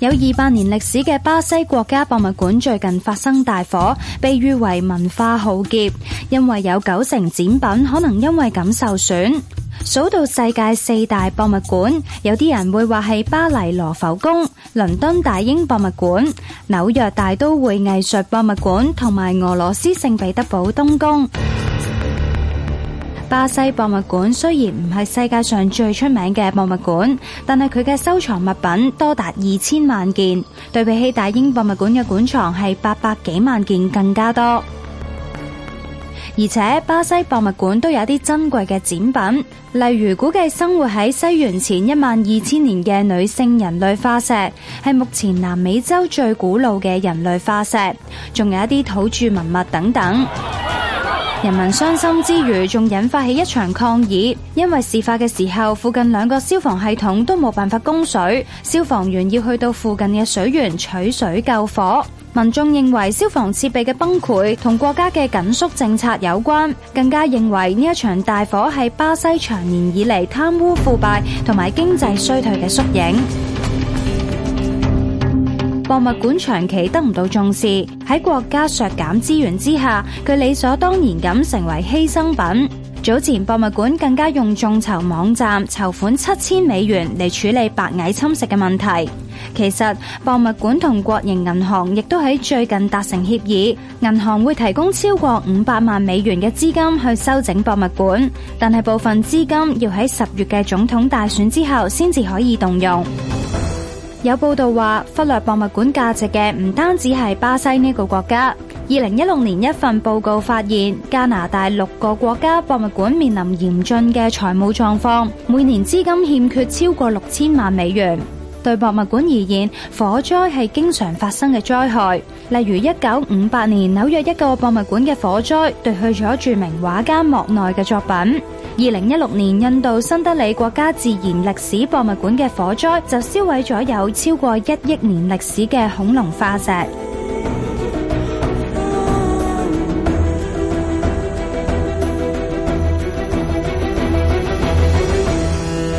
有二百年歷史嘅巴西國家博物館最近發生大火，被譽為文化浩劫，因為有九成展品可能因為咁受損。數到世界四大博物館，有啲人會話係巴黎羅浮宮、倫敦大英博物館、紐約大都會藝術博物館同埋俄羅斯聖彼得堡冬宮。巴西博物館雖然唔係世界上最出名嘅博物館，但係佢嘅收藏物品多達二千萬件，對比起大英博物館嘅館藏係八百幾萬件更加多。而且巴西博物館都有啲珍貴嘅展品，例如估計生活喺西元前一萬二千年嘅女性人類化石，係目前南美洲最古老嘅人類化石，仲有一啲土著文物等等。人民傷心之餘，仲引發起一場抗議，因為事發嘅時候，附近兩個消防系統都冇辦法供水，消防員要去到附近嘅水源取水救火。民眾認為消防設備嘅崩潰同國家嘅緊縮政策有關，更加認為呢一場大火係巴西長年以嚟貪污腐敗同埋經濟衰退嘅縮影。博物館長期得唔到重視，喺國家削減資源之下，佢理所當然咁成為犧牲品。早前博物館更加用眾籌網站籌款七千美元嚟處理白蟻侵蝕嘅問題。其實博物館同國營銀行亦都喺最近達成協議，銀行會提供超過五百萬美元嘅資金去修整博物館，但係部分資金要喺十月嘅總統大選之後先至可以動用。有報道話，忽略博物館價值嘅唔單止係巴西呢個國家。二零一六年一份報告發現，加拿大六個國家博物館面臨嚴峻嘅財務狀況，每年資金欠缺超過六千萬美元。對博物館而言，火災係經常發生嘅災害。例如，一九五八年紐約一個博物館嘅火災，奪去咗著名畫家莫奈嘅作品。二零一六年，印度新德里國家自然歷史博物館嘅火災，就燒毀咗有超過一億年歷史嘅恐龍化石。